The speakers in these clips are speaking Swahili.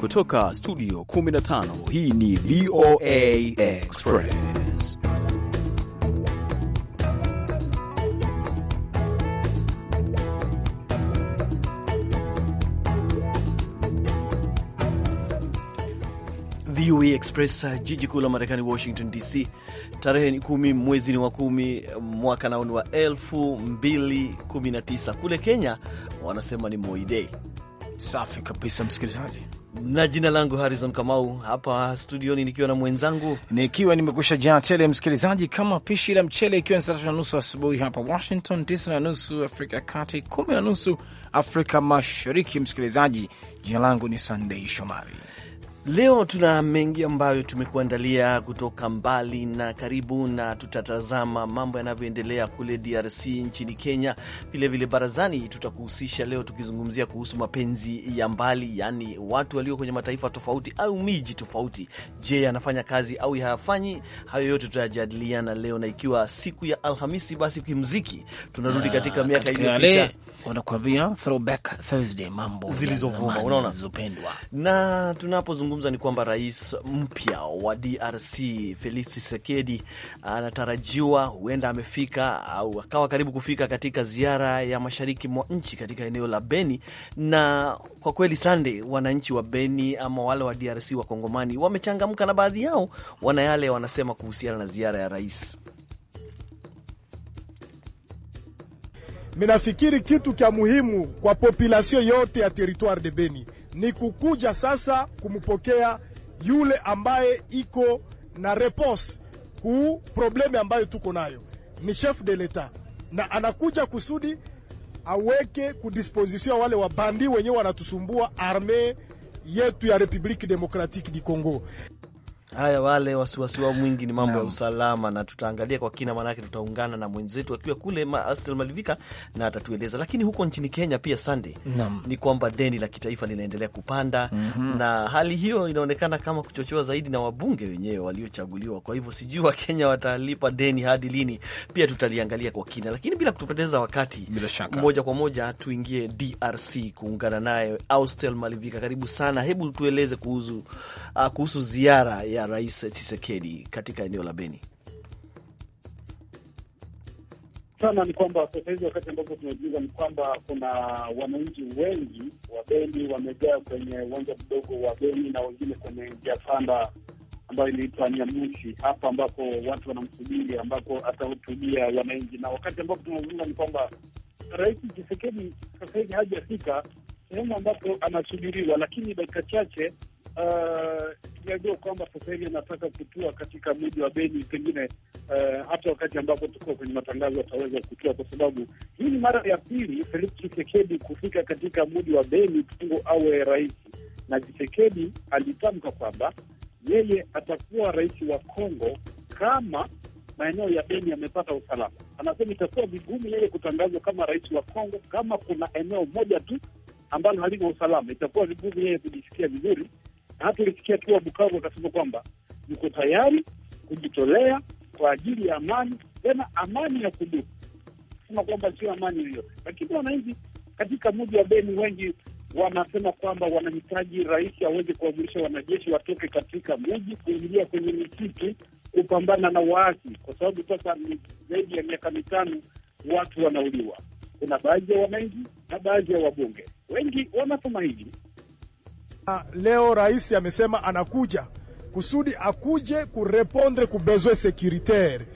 Kutoka studio 15 hii ni VOA Express. VOA Express, jiji kuu la Marekani, Washington DC. Tarehe ni kumi, mwezi ni wa kumi, mwaka naoni wa elfu mbili kumi na tisa. Kule Kenya wanasema ni Moidei. Safi kabisa, msikilizaji na jina langu Harrison Kamau, hapa studioni nikiwa na mwenzangu, nikiwa nimekusha jaa tele, msikilizaji, kama pishi la mchele, ikiwa ni saa tatu na nusu asubuhi hapa Washington, tisa na nusu Afrika ya Kati, kumi na nusu Afrika Mashariki. Msikilizaji, jina langu ni Sandei Shomari Leo tuna mengi ambayo tumekuandalia kutoka mbali na karibu, na tutatazama mambo yanavyoendelea kule DRC, nchini Kenya. Vilevile barazani tutakuhusisha leo tukizungumzia kuhusu mapenzi ya mbali, yaani watu walio kwenye mataifa tofauti au miji tofauti. Je, anafanya kazi au hayafanyi? Hayo yote tutayajadiliana leo, na ikiwa siku ya Alhamisi, basi kimziki tunarudi katika miaka iliyopita, wanakuambia throwback Thursday, mambo zilizovuma, unaona, zilizopendwa na tunapozungumza tunazungumza ni kwamba rais mpya wa DRC Felix Tshisekedi anatarajiwa huenda amefika au akawa karibu kufika katika ziara ya mashariki mwa nchi katika eneo la Beni. Na kwa kweli, sande, wananchi wa Beni ama wale wa DRC wakongomani wamechangamka, na baadhi yao wana yale wanasema kuhusiana na ziara ya rais. Minafikiri kitu kya muhimu kwa populasio yote ya territoire de Beni ni kukuja sasa kumpokea yule ambaye iko na repose ku probleme ambayo tuko nayo, ni chef de l'etat, na anakuja kusudi aweke kudisposition ya wale wabandi wenyewe wanatusumbua arme yetu ya Republique Democratique du Congo. Haya, wale wasiwasi wao mwingi ni mambo ya usalama, na tutaangalia kwa kina, maanake tutaungana na mwenzetu akiwa kule Astel Malivika na atatueleza. Lakini huko nchini Kenya pia Sande, ni kwamba deni la kitaifa linaendelea kupanda mm -hmm. na hali hiyo inaonekana kama kuchochewa zaidi na wabunge wenyewe waliochaguliwa. Kwa hivyo sijui Wakenya watalipa deni hadi lini, pia tutaliangalia kwa kina, lakini bila kutupoteza wakati, bila shaka, moja kwa moja tuingie DRC kuungana naye Austel Malivika. Karibu sana, hebu tueleze kuhusu, uh, kuhusu ziara ya Rais Tshisekedi katika eneo la Beni? Sana ni kwamba sasa hizi wakati ambapo tunajiuliza ni kwamba kuna wananchi wengi wa Beni wamejaa kwenye uwanja mdogo wa Beni na wengine kwenye njia panda ambayo inaitwa Nyamushi hapa ambapo watu wanamsubiri, ambapo atahutubia wananchi. Na wakati ambapo tunazungumza ni kwamba Rais Tshisekedi sasa hivi hajafika sehemu ambapo anasubiriwa, lakini dakika chache uh, sijajua kwamba sasa hivi anataka kutua katika mji wa Beni. Pengine eh, hata uh, wakati ambapo tuko kwenye matangazo ataweza kutua, kwa sababu hii ni mara ya pili Felix Chisekedi kufika katika mji wa Beni tangu awe rais, na Chisekedi alitamka kwamba yeye atakuwa rais wa Kongo kama maeneo ya Beni yamepata usalama. Anasema itakuwa vigumu yeye kutangazwa kama rais wa Kongo kama kuna eneo moja tu ambalo halina usalama, itakuwa vigumu yeye kujisikia vizuri hata ilifikia hatua Bukavu wakasema kwamba yuko tayari kujitolea kwa ajili ya amani, tena amani ya kudumu, sema kwamba sio amani hiyo. Lakini wananchi katika mji wa Beni wengi wanasema kwamba wanahitaji rais aweze kuwaamrisha wanajeshi watoke katika mji kuingilia kwenye misitu kupambana na waasi, kwa sababu sasa ni zaidi ya miaka mitano watu wanauliwa. Kuna baadhi ya wananchi na baadhi ya wabunge wengi wanasema hivi Ah, leo rais amesema anakuja kusudi akuje kurepondre ku besoin securitaire.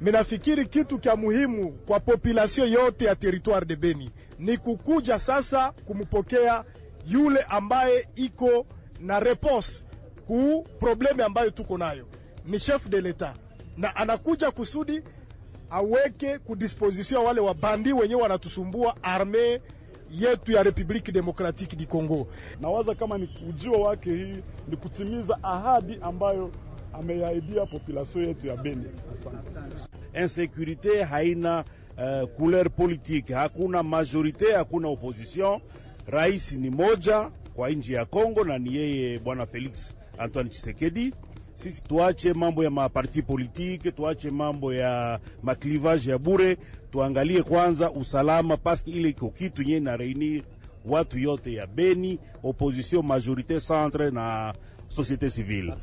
Minafikiri kitu kya muhimu kwa population yote ya territoire de Beni ni kukuja sasa kumpokea yule ambaye iko na reponse ku probleme ambayo tuko nayo, ni chef de l'etat, na anakuja kusudi aweke kudisposition wale wabandi wenyewe wanatusumbua armee yetu ya Republiki Demokratiki di Kongo. Nawaza kama ni ujio wake hii ni kutimiza ahadi ambayo ameyaidia population yetu ya Beni. Asante. Insekurite haina uh, couleur politique, hakuna majorite, hakuna opposition. Rais ni moja kwa nchi ya Kongo na ni yeye Bwana Felix Antoine chisekedi sisi tuache mambo ya maparti politike, tuache mambo ya maklivaje ya bure, tuangalie kwanza usalama, paske ile iko kitu yenye na reunir watu yote ya Beni, opposition, majorite, centre na societe civile.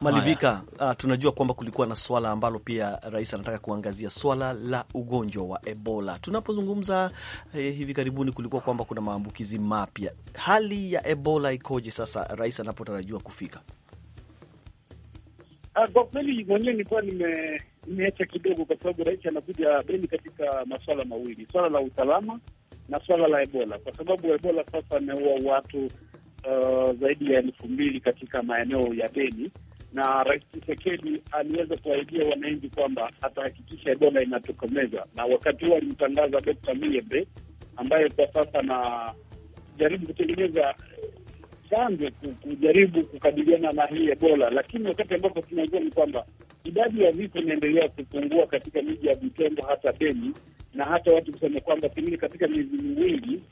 Malivika, uh, tunajua kwamba kulikuwa na swala ambalo pia rais anataka kuangazia, swala la ugonjwa wa Ebola. Tunapozungumza eh, hivi karibuni kulikuwa kwamba kuna maambukizi mapya. Hali ya Ebola ikoje sasa rais anapotarajiwa kufika? Ah, kwa kweli mwenyewe nilikuwa nime- nimeacha kidogo, kwa sababu rais anakuja Beni katika masuala mawili, swala la usalama na swala la Ebola, kwa sababu Ebola sasa ameua watu uh, zaidi ya elfu mbili katika maeneo ya Beni, na rais chisekedi aliweza kuwaidia wananchi kwamba atahakikisha Ebola inatokomeza, na wakati huo alimtangaza Dr. Muyembe ambaye kwa sasa na jaribu kutengeneza zipange kujaribu kukabiliana na hii Ebola, lakini wakati ambapo tunajua ni kwamba idadi ya vifo inaendelea kupungua katika miji ya Butembo, hata Beni, na hata watu kusema kwamba pengine katika miezi miwili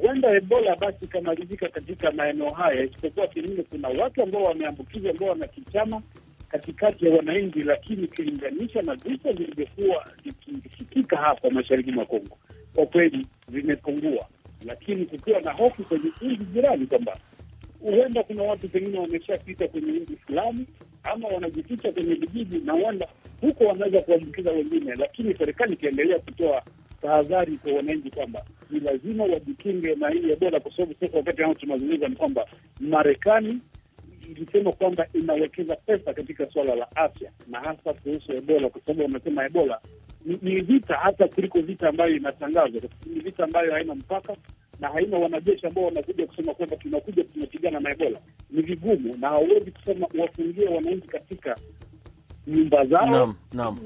huenda Ebola basi ikamalizika katika maeneo haya, isipokuwa pengine kuna watu ambao wameambukizwa ambao wanakichama katikati ya wananchi, lakini ukilinganisha na vifo vilivyokuwa vikisikika hapa mashariki mwa Kongo, kwa kweli vimepungua, lakini kukiwa na hofu kwenye nchi jirani kwamba huenda kuna watu pengine wameshapita kwenye mji fulani ama wanajificha kwenye vijiji, na huenda huko wanaweza kuambukiza wengine, lakini serikali ikiendelea kutoa tahadhari kwa wananchi kwamba ni lazima wajikinge na hili Ebola, kwa sababu sasa wakati ao tunazungumza ni kwamba Marekani ilisema kwamba inawekeza pesa katika suala la afya na hasa kuhusu Ebola, kwa sababu wanasema Ebola ni, ni vita hata kuliko vita ambayo inatangazwa, ni vita ambayo haina mpaka na haina wanajeshi ambao wanakuja kusema kwamba tunakuja tunapigana na Ebola. Ni vigumu na hawezi kusema wafungie wananchi katika nyumba zao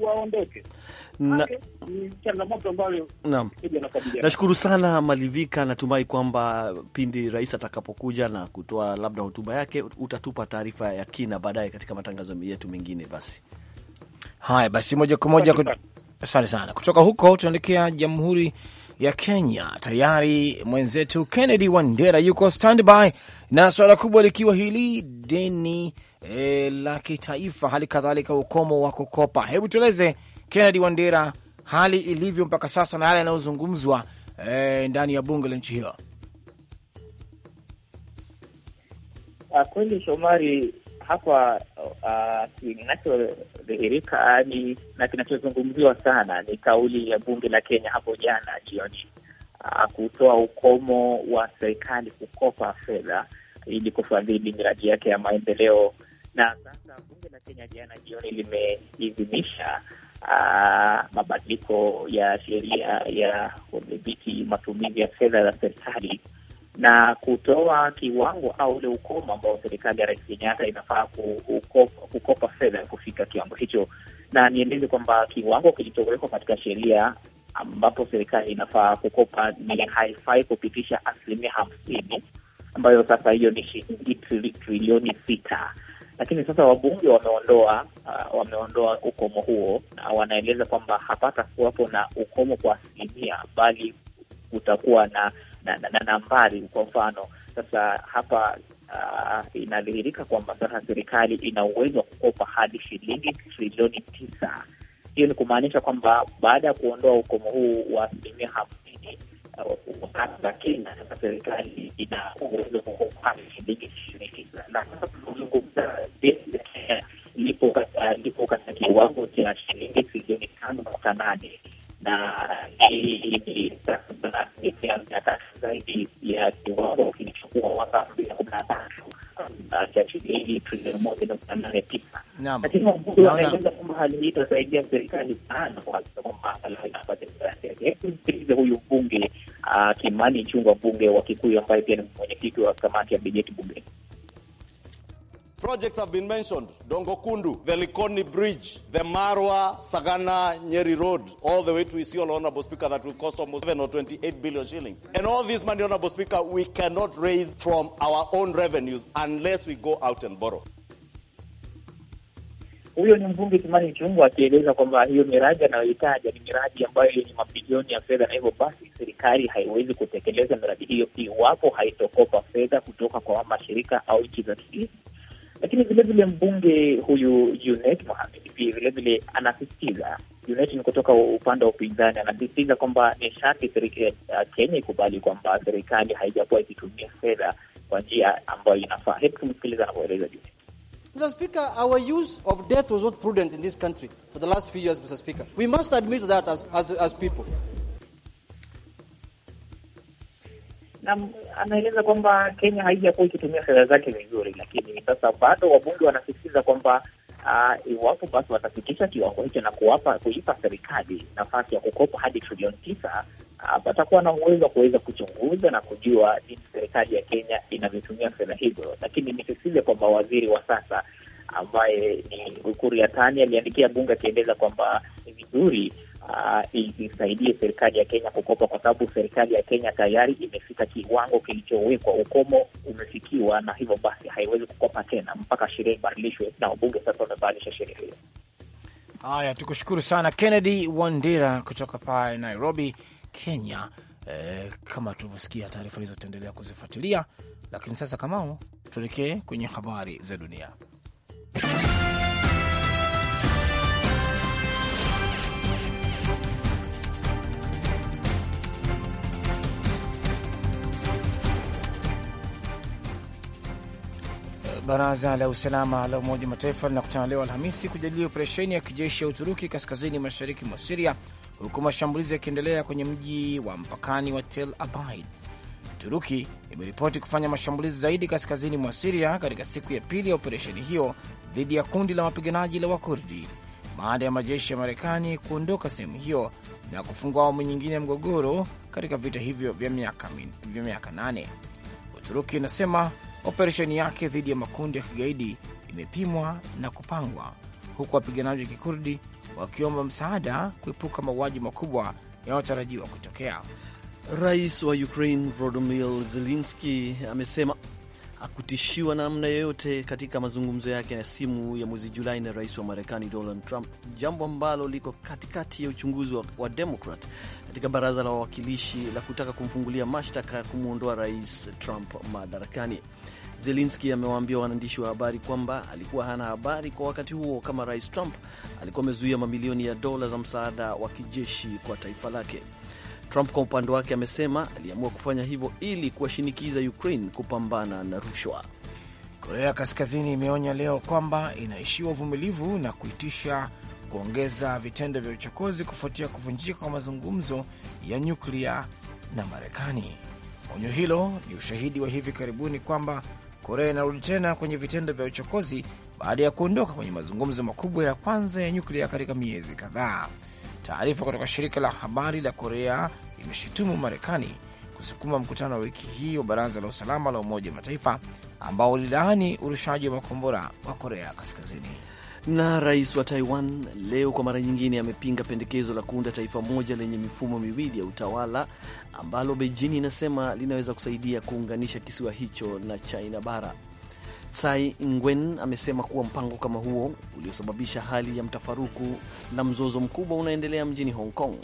waondoke. Changamoto ambayo Nashukuru sana Malivika, natumai kwamba pindi rais atakapokuja na kutoa labda hotuba yake utatupa taarifa ya kina baadaye katika matangazo yetu mengine. Basi haya, basi moja kwa moja, asante sana. Kutoka huko tunaelekea Jamhuri ya Kenya. Tayari mwenzetu Kennedy Wandera yuko standby na suala kubwa likiwa hili deni e, la kitaifa, hali kadhalika ukomo wa kukopa. Hebu tueleze Kennedy Wandera, hali ilivyo mpaka sasa na yale yanayozungumzwa e, ndani ya bunge la nchi hiyo. Ah, kweli Shomari, hapa uh, kinachodhihirika ni na kinachozungumziwa sana ni kauli ya bunge la Kenya hapo jana jioni uh, kutoa ukomo wa serikali kukopa fedha ili kufadhili miradi yake ya maendeleo. Na sasa bunge la Kenya jana jioni limeidhinisha uh, mabadiliko ya sheria ya kudhibiti matumizi ya fedha za serikali na kutoa kiwango au ule ukomo ambao serikali ya Rais Kenyatta inafaa kukopa, kukopa fedha ya kufika kiwango hicho, na nieleze kwamba kiwango kilichowekwa katika sheria ambapo serikali inafaa kukopa ni haifai kupitisha asilimia hamsini ambayo sasa hiyo ni shilingi trilioni sita lakini sasa wabunge wameondoa uh, wameondoa ukomo huo na wanaeleza kwamba hapata kuwapo na ukomo kwa asilimia, bali utakuwa na na, na, na nambari kwa mfano. Sasa hapa uh, inadhihirika kwamba sasa serikali ina uwezo wa kukopa hadi shilingi trilioni tisa. Hiyo ni kumaanisha kwamba baada ya kuondoa ukomo huu wa asilimia hamsini uh, za Kenya, sasa serikali ina uwezo wa kukopa hadi shilingi ishirini tisa na sasa tunazungumza lipo uh, katika kiwango cha shilingi trilioni tano nukta nane na zaidi ya kiwango kilichokuwa mwaka elfu mbili na kumi na tatu cha trilioni moja nukta nane tisa. Lakini Wabunge wanaeleza kwamba hali hii itasaidia serikali sana kuhakikisha kwamba huyu mbunge Kimani Ichung'wah, mbunge wa Kikuyu ambaye pia ni mwenyekiti wa kamati ya bajeti bungeni Projects have been mentioned. Dongo Kundu, the Likoni Bridge, the Marwa Sagana Nyeri Road, all the way to Isiolo, Honorable Speaker, that will cost almost 7 or 28 billion shillings. And all this money, Honorable Speaker, we cannot raise from our own revenues unless we go out and borrow. Huyo ni mbunge Kimani Chungwa akieleza kwamba hiyo miradi anayoitaja ni miradi ambayo yenye mabilioni ya fedha, na hivyo basi serikali haiwezi kutekeleza miradi hiyo iwapo haitokopa fedha kutoka kwa mashirika au nchi za kigeni. Lakini vilevile mbunge huyu Junet Mohamed pia vilevile anasisitiza, Junet ni kutoka upande wa upinzani, anasisitiza kwamba ni sharti eh, Kenya ikubali kwamba serikali haijakuwa ikitumia fedha kwa njia ambayo inafaa. Hebu tumsikiliza anavyoeleza Junet. Mr. Speaker, our use of debt was not prudent in this country for the last few years, Mr. Speaker. We must admit that as, as, as people. na anaeleza kwamba Kenya haijakuwa ikitumia fedha zake vizuri, lakini sasa bado wabunge wanasisitiza kwamba uh, iwapo basi watafikisha kiwango hicho na kuwapa kuipa serikali nafasi ya kukopa hadi trilioni tisa uh, patakuwa uh, na uwezo wa kuweza kuchunguza na kujua jinsi serikali ya Kenya inavyotumia fedha hizo. Lakini nisisitize kwamba waziri wa sasa ambaye ni Ukur Yatani aliandikia bunge akieleza kwamba ni vizuri uh, isaidie serikali ya Kenya kukopa, kwa sababu serikali ya Kenya tayari imefika kiwango kilichowekwa, ukomo umefikiwa, na hivyo basi haiwezi kukopa tena mpaka sheria ibadilishwe, na wabunge sasa wamebadilisha sheria hiyo. Haya, tukushukuru sana Kennedy Wandera kutoka pale Nairobi, Kenya. Eh, kama tulivyosikia taarifa hizo tutaendelea kuzifuatilia, lakini sasa Kamau, tuelekee kwenye habari za dunia. Baraza la usalama la Umoja Mataifa linakutana leo Alhamisi kujadili operesheni ya kijeshi ya Uturuki kaskazini mashariki mwa Siria, huku mashambulizi yakiendelea kwenye mji wa mpakani wa Tel Abyad. Uturuki imeripoti kufanya mashambulizi zaidi kaskazini mwa Siria katika siku ya pili ya operesheni hiyo dhidi ya kundi la wapiganaji la Wakurdi baada ya majeshi ya Marekani kuondoka sehemu hiyo na kufungua awamu nyingine ya mgogoro katika vita hivyo vya miaka nane. Uturuki inasema Operesheni yake dhidi ya makundi ya kigaidi imepimwa na kupangwa, huku wapiganaji wa kikurdi wakiomba msaada kuepuka mauaji makubwa yanayotarajiwa kutokea. Rais wa Ukraine Volodymyr zelenski amesema hakutishiwa namna yoyote katika mazungumzo yake ya simu ya mwezi Julai na rais wa Marekani Donald Trump, jambo ambalo liko katikati ya uchunguzi wa, wa Demokrat katika baraza la wawakilishi la kutaka kumfungulia mashtaka ya kumwondoa rais Trump madarakani. Zelenski amewaambia waandishi wa habari kwamba alikuwa hana habari kwa wakati huo kama rais Trump alikuwa amezuia mamilioni ya dola za msaada wa kijeshi kwa taifa lake. Trump kwa upande wake amesema aliamua kufanya hivyo ili kuwashinikiza Ukraine kupambana na rushwa. Korea Kaskazini imeonya leo kwamba inaishiwa uvumilivu na kuitisha kuongeza vitendo vya uchokozi kufuatia kuvunjika kwa mazungumzo ya nyuklia na Marekani. Onyo hilo ni ushahidi wa hivi karibuni kwamba Korea inarudi tena kwenye vitendo vya uchokozi baada ya kuondoka kwenye mazungumzo makubwa ya kwanza ya nyuklia katika miezi kadhaa. Taarifa kutoka shirika la habari la Korea imeshutumu Marekani kusukuma mkutano wa wiki hii wa Baraza la Usalama la Umoja wa Mataifa ambao ulilaani urushaji wa makombora wa Korea Kaskazini. Na rais wa Taiwan leo kwa mara nyingine amepinga pendekezo la kuunda taifa moja lenye mifumo miwili ya utawala ambalo Beijing inasema linaweza kusaidia kuunganisha kisiwa hicho na China bara. Tsai Ing-wen amesema kuwa mpango kama huo uliosababisha hali ya mtafaruku na mzozo mkubwa unaendelea mjini Hong Kong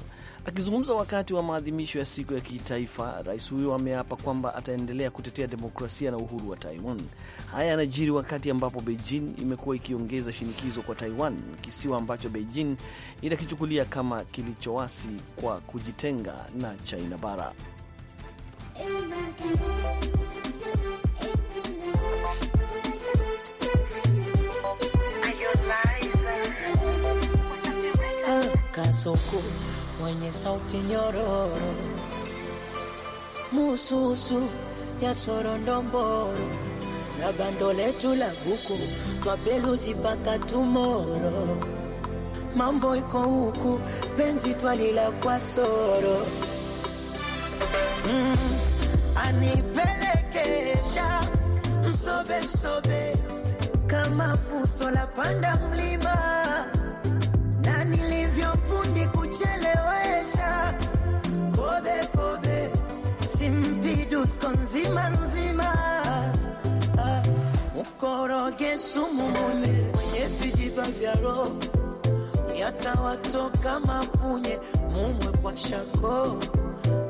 Akizungumza wakati wa maadhimisho ya siku ya kitaifa, rais huyo ameapa kwamba ataendelea kutetea demokrasia na uhuru wa Taiwan. Haya yanajiri wakati ambapo Beijing imekuwa ikiongeza shinikizo kwa Taiwan, kisiwa ambacho Beijing inakichukulia kama kilichowasi kwa kujitenga na China bara mwenye sauti nyororo, mususu ya sorondomboro na bando letu la buku twapeluzi mpaka tumoro, mambo iko huku penzi twalila kwa soro mm, anipelekesha msobe msobe kama fuso la panda mlima sipendi Kobe kobe, simpidus konzima nzima mukoroge ah, sumu mune mwenye vijiba vya roho yatawatoka mapunye, mumwe kwa shako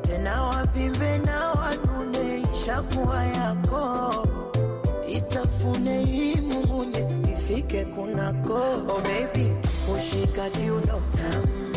tena wavimbe na wanune, ishakuwa yako itafune imumunye ifike kunako. Oh baby, tamu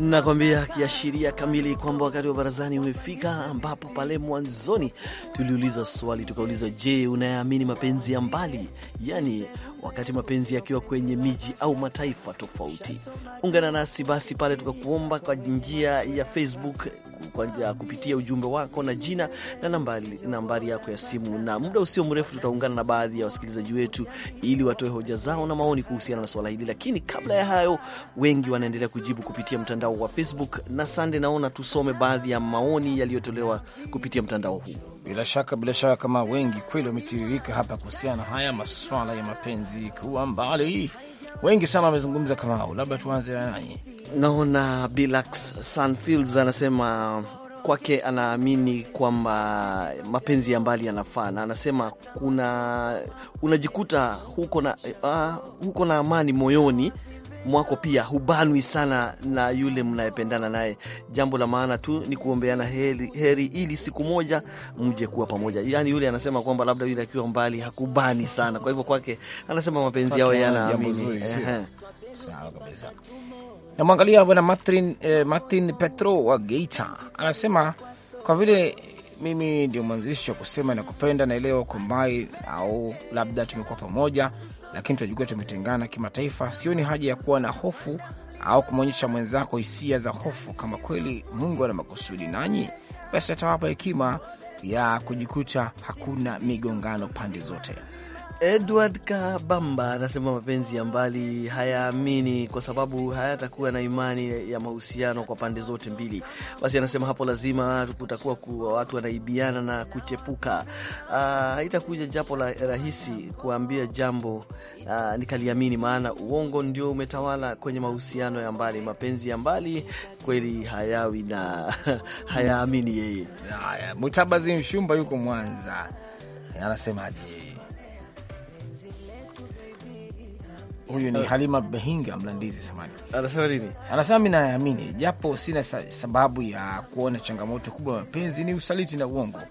nakwambia kiashiria kamili kwamba wakati wa barazani umefika, ambapo pale mwanzoni tuliuliza swali tukauliza, je, unayeamini mapenzi ya mbali, yani wakati mapenzi yakiwa kwenye miji au mataifa tofauti? Ungana nasi basi pale tukakuomba kwa njia ya Facebook kwa kupitia ujumbe wako na jina na nambari, nambari yako ya simu, na muda usio mrefu tutaungana na baadhi ya wasikilizaji wetu ili watoe hoja zao na maoni kuhusiana na swala hili. Lakini kabla ya hayo, wengi wanaendelea kujibu kupitia mtandao wa Facebook na Sande, naona tusome baadhi ya maoni yaliyotolewa kupitia mtandao huu. Bila shaka bila shaka, kama wengi kweli wametiririka hapa kuhusiana na haya maswala ya mapenzi kuwa mbali wengi sana wamezungumza. Kamau, labda tuanze nanyi. Naona Bilax Sanfields anasema kwake anaamini kwamba mapenzi ya mbali yanafaa, na anasema kuna unajikuta huko na, uh, huko na amani moyoni mwako pia hubanwi sana na yule mnayependana naye. Jambo la maana tu ni kuombeana heri, heri ili siku moja mje kuwa pamoja. Yani yule anasema kwamba labda yule akiwa mbali hakubani sana, kwa hivyo kwake anasema mapenzi yao yanaamini. Namwangalia bwana Martin, eh, Martin Petro wa Geita anasema kwa vile mimi ndio mwanzilishi wa kusema nakupenda na leo kombai au labda tumekuwa pamoja lakini tunajikuta tumetengana kimataifa. Sioni haja ya kuwa na hofu au kumwonyesha mwenzako hisia za hofu. Kama kweli Mungu ana makusudi nanyi, basi atawapa hekima ya kujikuta hakuna migongano pande zote. Edward Kabamba anasema mapenzi ya mbali hayaamini kwa sababu hayatakuwa na imani ya mahusiano kwa pande zote mbili. Basi anasema hapo lazima kutakuwa kuwa watu wanaibiana na kuchepuka. Uh, haitakuja japo la rahisi kuambia jambo uh, nikaliamini, maana uongo ndio umetawala kwenye mahusiano ya mbali. Mapenzi ya mbali kweli hayawi na hayaamini yeye. Haya, Mutabazi Mshumba yuko Mwanza anasemaje? Huyu ni Halima Behinga Mlandizi samani, anasema nini? Anasema mi nayamini japo sina sababu ya kuona changamoto kubwa ya mapenzi ni usaliti na uongo.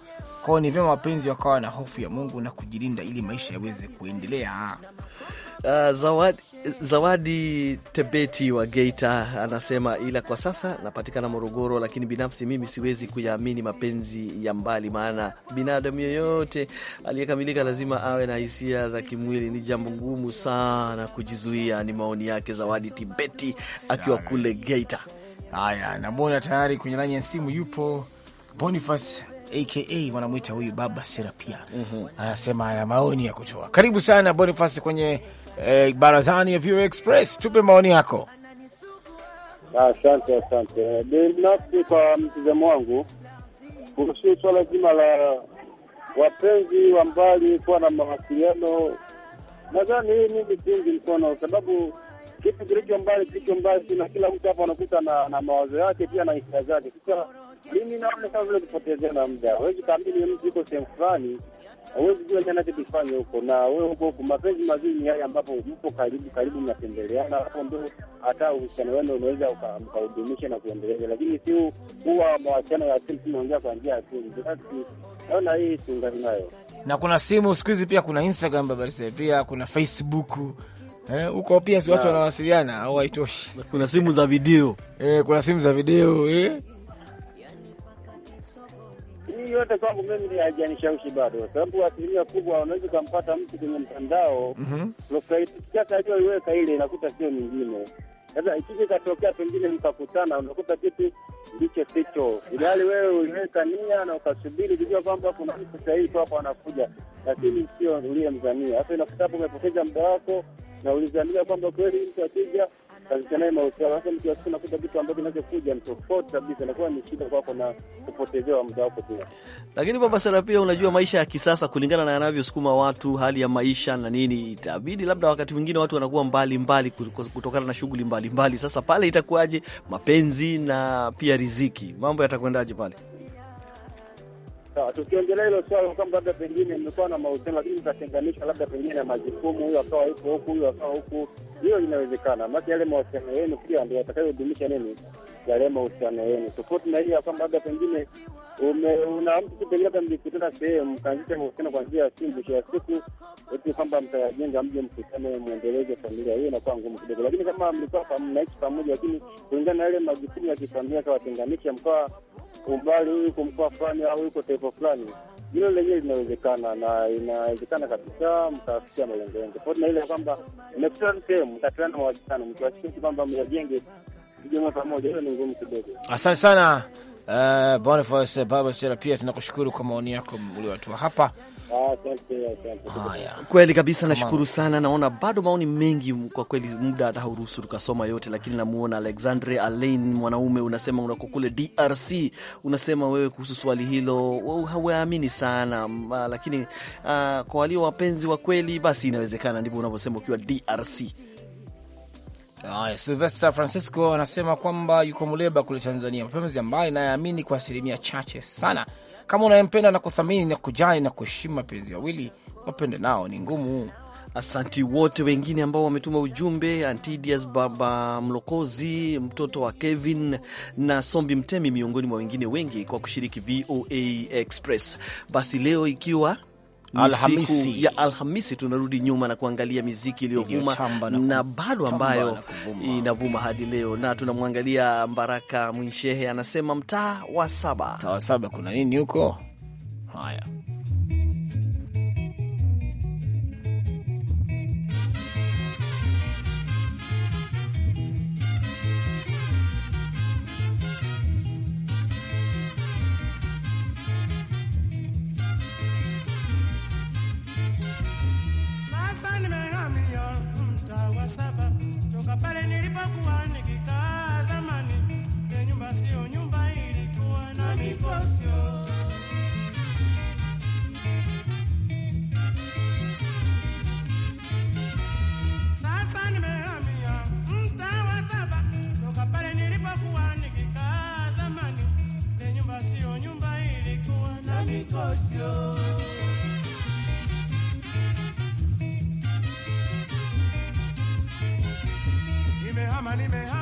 Kwao ni vyema wapenzi wakawa na hofu ya Mungu na kujilinda, ili maisha yaweze kuendelea. Uh, Zawadi, Zawadi Tebeti wa Geita anasema ila kwa sasa napatikana Morogoro, lakini binafsi mimi siwezi kuyaamini mapenzi ya mbali, maana binadamu yoyote aliyekamilika lazima awe na hisia za kimwili. Ni jambo ngumu sana kujizuia. Ni maoni yake Zawadi Tibeti akiwa kule Geita. Haya, namwona tayari kwenye laini ya simu yupo Boniface aka wanamwita huyu Baba Serapia, mm -hmm. ana maoni ya kutoa. Karibu sana Boniface kwenye eh, barazani ya View Express. Tupe maoni yako. Asante, asante. Binafsi kwa mtizamo wangu kuhusu swala zima la wapenzi wa mbali kuwa na mawasiliano, nadhani hii mimi siungi mkono, sababu kitu kilicho mbali kilicho mbali, sina, kila mtu hapa anakuta na, na mawazo yake pia na hisia zake. Sasa mimi naona kama vile kupotezea na muda, huwezi kaambili mtu yuko sehemu fulani hawezi jua jana kifanya huko na wewe huko huko. Mapenzi mazuri ni yale ambapo mpo karibu karibu, mnatembeleana, hapo ndio hata uhusiano wenu unaweza ukahudumisha na kuendeleza, lakini si huwa mawasiliano ya simu tunaongea kwa njia ya simu. Basi naona hii tuungani nayo, na kuna simu siku hizi pia kuna Instagram babarisa, pia kuna Facebook eh, huko eh, pia si watu wanawasiliana au haitoshi? Kuna simu za video eh, kuna simu za video eh mimi yote kwangu mimi haijanishawishi bado, kwa sababu asilimia kubwa unaweza ukampata mtu kwenye mtandao sasa mhm. aliyoiweka ile inakuta sio mingine Sasa ikija ikatokea pengine mkakutana, unakuta kitu ndicho sicho, ilihali wewe uliweka nia na ukasubiri kujua kwamba kuna mtu sahihi hapo anakuja, lakini sio uliyemdhania. Sasa inakuta hapo umepoteza muda wako na ulizania kwamba kweli mtu akija kabisa naye mahusiano. mtu asiku nakuta kitu kinachokuja ni tofauti kabisa, inakuwa ni shida kwako na kupotezewa muda wako pia. Lakini Baba Sara, unajua maisha ya kisasa kulingana na yanavyosukuma watu, hali ya maisha na nini, itabidi labda wakati mwingine watu wanakuwa mbali mbali kutokana na shughuli mbalimbali. Sasa pale itakuwaje mapenzi na pia riziki, mambo yatakwendaje pale? Sawa, tukiongelea hilo swala kwamba labda pengine mmekuwa na mahusiano lakini mkatenganisha labda pengine na majukumu, huyu akawa yuko huku, huyu akawa huku, hiyo inawezekana, maana yale mahusiano yenu pia ndio watakayodumisha nini gharama uhusiano wenu, tofauti na hii ya kwamba labda pengine una mtu pengine hata mlikutana sehemu kaanzisha mahusiano kwa njia ya simu, mwisho ya siku eti kwamba mtayajenga mje mkutane mwendeleze familia, hiyo inakuwa ngumu kidogo. Lakini kama mlikuwa mnaishi pamoja, lakini kulingana na yale majukumu ya kifamilia kawatenganisha, mkawa umbali, huyu yuko mkoa fulani au yuko taifa fulani, hilo lenyewe linawezekana na inawezekana kabisa mkafikia malengo yenu, tofauti na ile ya kwamba mmekutana sehemu mtapeana mawasiliano, mkiwashiriki kwamba mjajenge Asante sana uh, Boniface Baba Sera, pia tunakushukuru kwa maoni yako uliotoa hapa. Haya, kweli kabisa, nashukuru sana. Naona bado maoni mengi kwa kweli, muda hata hauruhusu tukasoma yote, lakini namuona Alexandre Alain, mwanaume unasema, unako kule DRC, unasema wewe kuhusu swali hilo hauamini sana mm, lakini, uh, kwa walio wapenzi wa kweli, basi inawezekana, ndivyo unavyosema ukiwa DRC. Haya, Silvester Francisco anasema kwamba yuko Muleba kule Tanzania, mapenzi ambayo nayaamini kwa asilimia chache sana. Kama unayempenda na kuthamini na kujali na kuheshimu mapenzi wawili wapende nao, ni ngumu. Asanti wote wengine ambao wametuma ujumbe, Antidias Baba Mlokozi, mtoto wa Kevin na Sombi Mtemi, miongoni mwa wengine wengi kwa kushiriki VOA Express. Basi leo ikiwa Alhamisi ya Alhamisi tunarudi nyuma na kuangalia miziki iliyovuma na, na bado ambayo inavuma hadi leo, na tunamwangalia Mbaraka Mwinshehe anasema mtaa wa saba. Mtaa wa saba kuna nini huko? Haya. money may have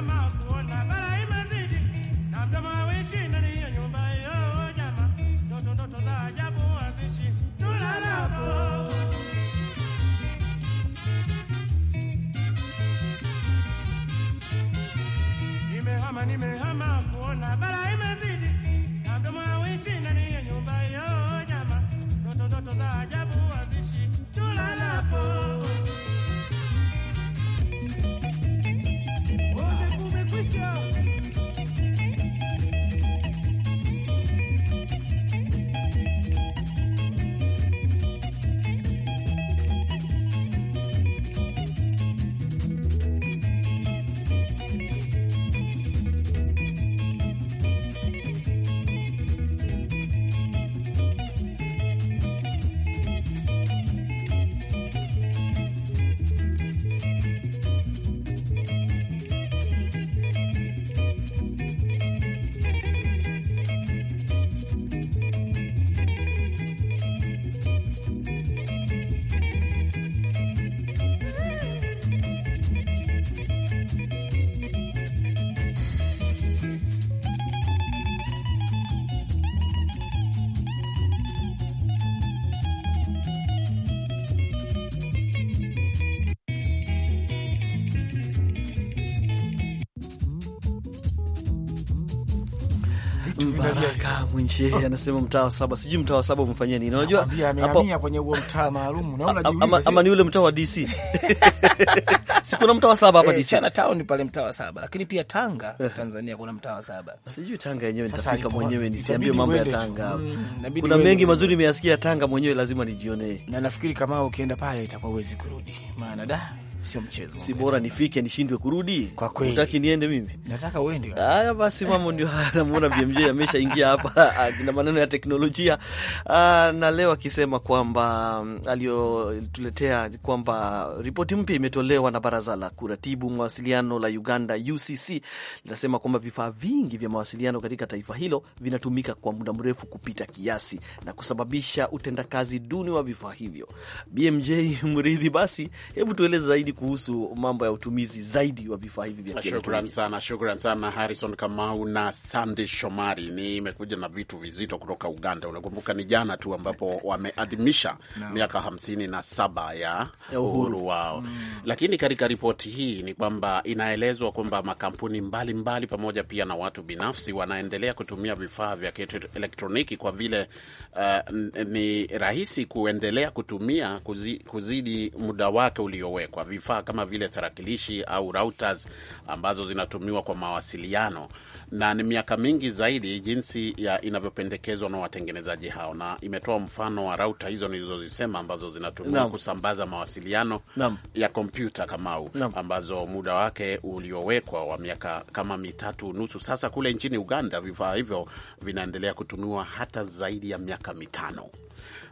Mwenje ah. anasema mtaa wa saba, sijui mtaa wa saba umefanyia nini? Unajua hapo kwenye huo mtaa maalum, naona ama, ama ni ule mtaa wa DC eh. sikuna mtaa wa saba hapa eh, DC Chana Town pale, mtaa wa saba, lakini pia Tanga eh. Tanzania kuna mtaa wa saba. Ah, sijui Tanga yenyewe nitafika mwenyewe, nisiambie mambo ya Tanga. Mm, kuna mengi mazuri nimeyasikia Tanga mwenyewe, lazima nijionee, na nafikiri kama ukienda pale itakuwa uwezi kurudi, maana da sio mchezo. Si bora nifike nishindwe kurudi? Kwa kweli, nataka niende mimi, nataka uende. Haya basi, mama ndio haya. Namuona BMJ ameshaingia hapa ah, na maneno ya teknolojia ah, na leo akisema kwamba mm, aliyotuletea kwamba ripoti mpya imetolewa na baraza la kuratibu mawasiliano la Uganda UCC linasema kwamba vifaa vingi vya mawasiliano katika taifa hilo vinatumika kwa muda mrefu kupita kiasi na kusababisha utendakazi duni wa vifaa hivyo. BMJ Mridhi, basi hebu tueleze zaidi kuhusu mambo ya utumizi zaidi wa vifaa hivi vya shukran sana, shukran sana Harrison Kamau na Sandy Shomari. Nimekuja na vitu vizito kutoka Uganda. Unakumbuka ni jana tu ambapo wameadhimisha no. miaka hamsini na saba ya uhuru wao mm. Lakini katika ripoti hii ni kwamba inaelezwa kwamba makampuni mbalimbali mbali pamoja pia na watu binafsi wanaendelea kutumia vifaa vya elektroniki kwa vile uh, ni rahisi kuendelea kutumia kuzi, kuzidi muda wake uliowekwa vifaa kama vile tarakilishi au routers ambazo zinatumiwa kwa mawasiliano, na ni miaka mingi zaidi jinsi ya inavyopendekezwa na watengenezaji hao, na imetoa mfano wa rauta hizo nilizozisema ambazo zinatumiwa Naam. kusambaza mawasiliano Naam. ya kompyuta Kamau, ambazo muda wake uliowekwa wa miaka kama mitatu nusu sasa. Kule nchini Uganda vifaa hivyo vinaendelea kutumiwa hata zaidi ya miaka mitano.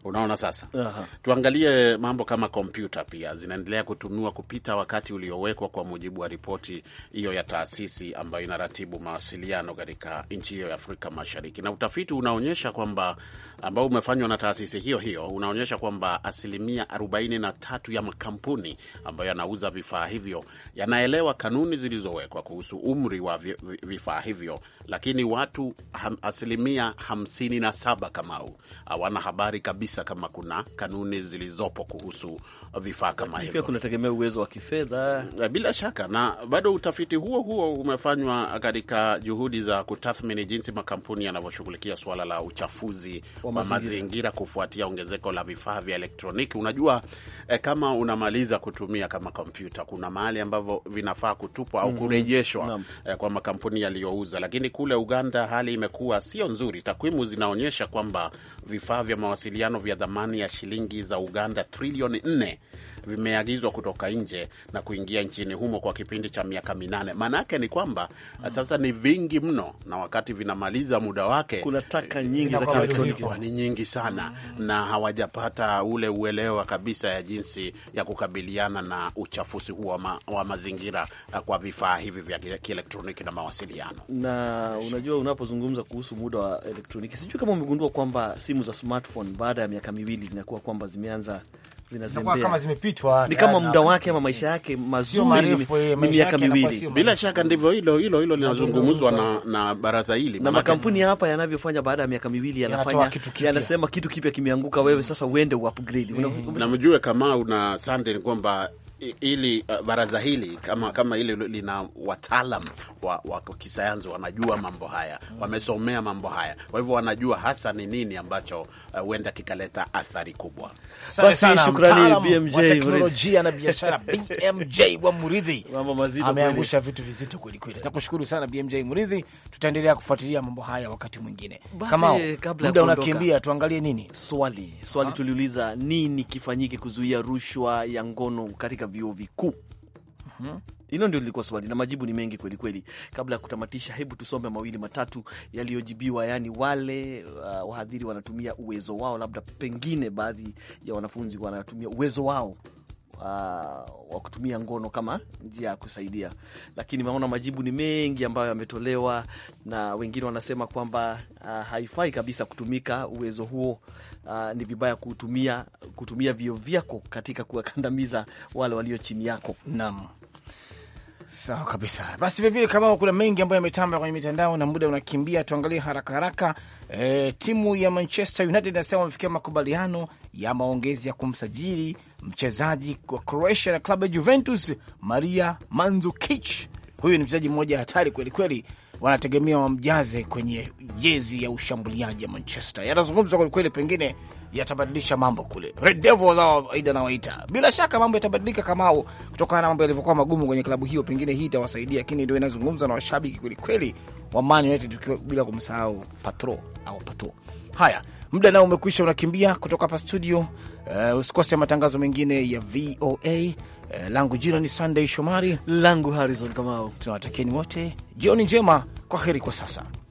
Unaona sasa. Aha. Tuangalie mambo kama kompyuta pia zinaendelea kutumiwa kupita wakati uliowekwa kwa mujibu wa ripoti hiyo ya taasisi ambayo inaratibu mawasiliano katika nchi hiyo ya Afrika Mashariki. Na utafiti unaonyesha kwamba ambao umefanywa na taasisi hiyo hiyo unaonyesha kwamba asilimia 43 ya makampuni ambayo yanauza vifaa hivyo yanaelewa kanuni zilizowekwa kuhusu umri wa vifaa hivyo, lakini watu ham, asilimia 57 kamau hawana habari kabisa kabisa kama kuna kanuni zilizopo kuhusu vifaa kama hivyo. Pia kunategemea uwezo wa kifedha eh, bila shaka, na bado utafiti huo huo umefanywa katika juhudi za kutathmini jinsi makampuni yanavyoshughulikia suala la uchafuzi wa mazingira, mazingira kufuatia ongezeko la vifaa vya elektroniki. Unajua eh, kama unamaliza kutumia kama kompyuta, kuna mahali ambavyo vinafaa kutupwa au mm-hmm. kurejeshwa mm -hmm. eh, kwa makampuni yaliyouza, lakini kule Uganda hali imekuwa sio nzuri. Takwimu zinaonyesha kwamba vifaa vya mawasiliano vya thamani ya shilingi za Uganda trilioni nne vimeagizwa kutoka nje na kuingia nchini humo kwa kipindi cha miaka minane. Maanake ni kwamba mm. sasa ni vingi mno, na wakati vinamaliza muda wake, kuna taka nyingi za kielektroniki ni nyingi sana mm. na hawajapata ule uelewa kabisa ya jinsi ya kukabiliana na uchafuzi huo wa, ma, wa mazingira uh, kwa vifaa hivi vya kielektroniki na mawasiliano. Na unajua unapozungumza kuhusu muda wa elektroniki, sijui kama umegundua kwamba simu za smartphone baada ya miaka miwili zinakuwa kwamba zimeanza zinazembea kama zimepitwa, ni kama muda wake ama maisha yake mazuri ni eh, miaka miwili. Bila shaka ndivyo hilo hilo hilo linazungumzwa na, na baraza hili na makampuni hapa yanavyofanya, baada ya miaka miwili yanafanya yanasema kitu kipya kimeanguka, wewe sasa uende uupgrade. Mm. Namjue kama una sande ni kwamba ili uh, baraza hili kama kama ili lina wataalam wa, wa kisayansi wanajua mambo haya, wamesomea mambo haya, kwa hivyo wanajua hasa ni nini ambacho uh, huenda uh, kikaleta athari kubwa. Basi shukrani BMJ wa teknolojia na biashara BMJ wa Muridhi, mambo mazito, ameangusha vitu vizito kweli kweli. Nakushukuru sana BMJ Muridhi, tutaendelea kufuatilia mambo haya wakati mwingine. Kama eh, muda unakimbia, tuangalie nini swali swali tuliuliza, nini kifanyike kuzuia rushwa ya ngono katika katika vyuo vikuu mhm. hilo mm -hmm. Ndio lilikuwa swali na majibu ni mengi kweli kweli. Kabla ya kutamatisha, hebu tusome mawili matatu yaliyojibiwa, yaani wale uh, wahadhiri wanatumia uwezo wao, labda pengine baadhi ya wanafunzi wanatumia uwezo wao Uh, wa kutumia ngono kama njia ya kusaidia, lakini maona majibu ni mengi ambayo yametolewa, na wengine wanasema kwamba uh, haifai kabisa kutumika uwezo huo. Uh, ni vibaya kutumia, kutumia vio vyako katika kuwakandamiza wale walio chini yako. Naam. Sawa kabisa. Basi vilevile, kama kuna mengi ambayo yametamba kwenye mitandao na muda unakimbia, tuangalie haraka haraka. E, timu ya Manchester United inasema wamefikia makubaliano ya maongezi ya kumsajili mchezaji wa Croatia na klabu ya Juventus Maria Mandzukic Huyu ni mchezaji mmoja hatari kweli kweli, wanategemea wamjaze kwenye jezi ya ushambuliaji ya Manchester. Yanazungumzwa kweli kweli, pengine yatabadilisha mambo kule, Red Devils aidha nawaita. Bila shaka mambo yatabadilika kamao, kutokana na mambo yalivyokuwa magumu kwenye klabu hiyo, pengine hii itawasaidia, lakini ndio inazungumza na washabiki kweli kweli wa Man United, bila kumsahau Patro au Patro. Haya, Muda nao umekwisha unakimbia kutoka hapa studio. Uh, usikose matangazo mengine ya VOA. Uh, eh, langu jina ni Sunday Shomari, langu Harrison Kamau. Tunawatakieni wote jioni njema, kwa heri kwa sasa.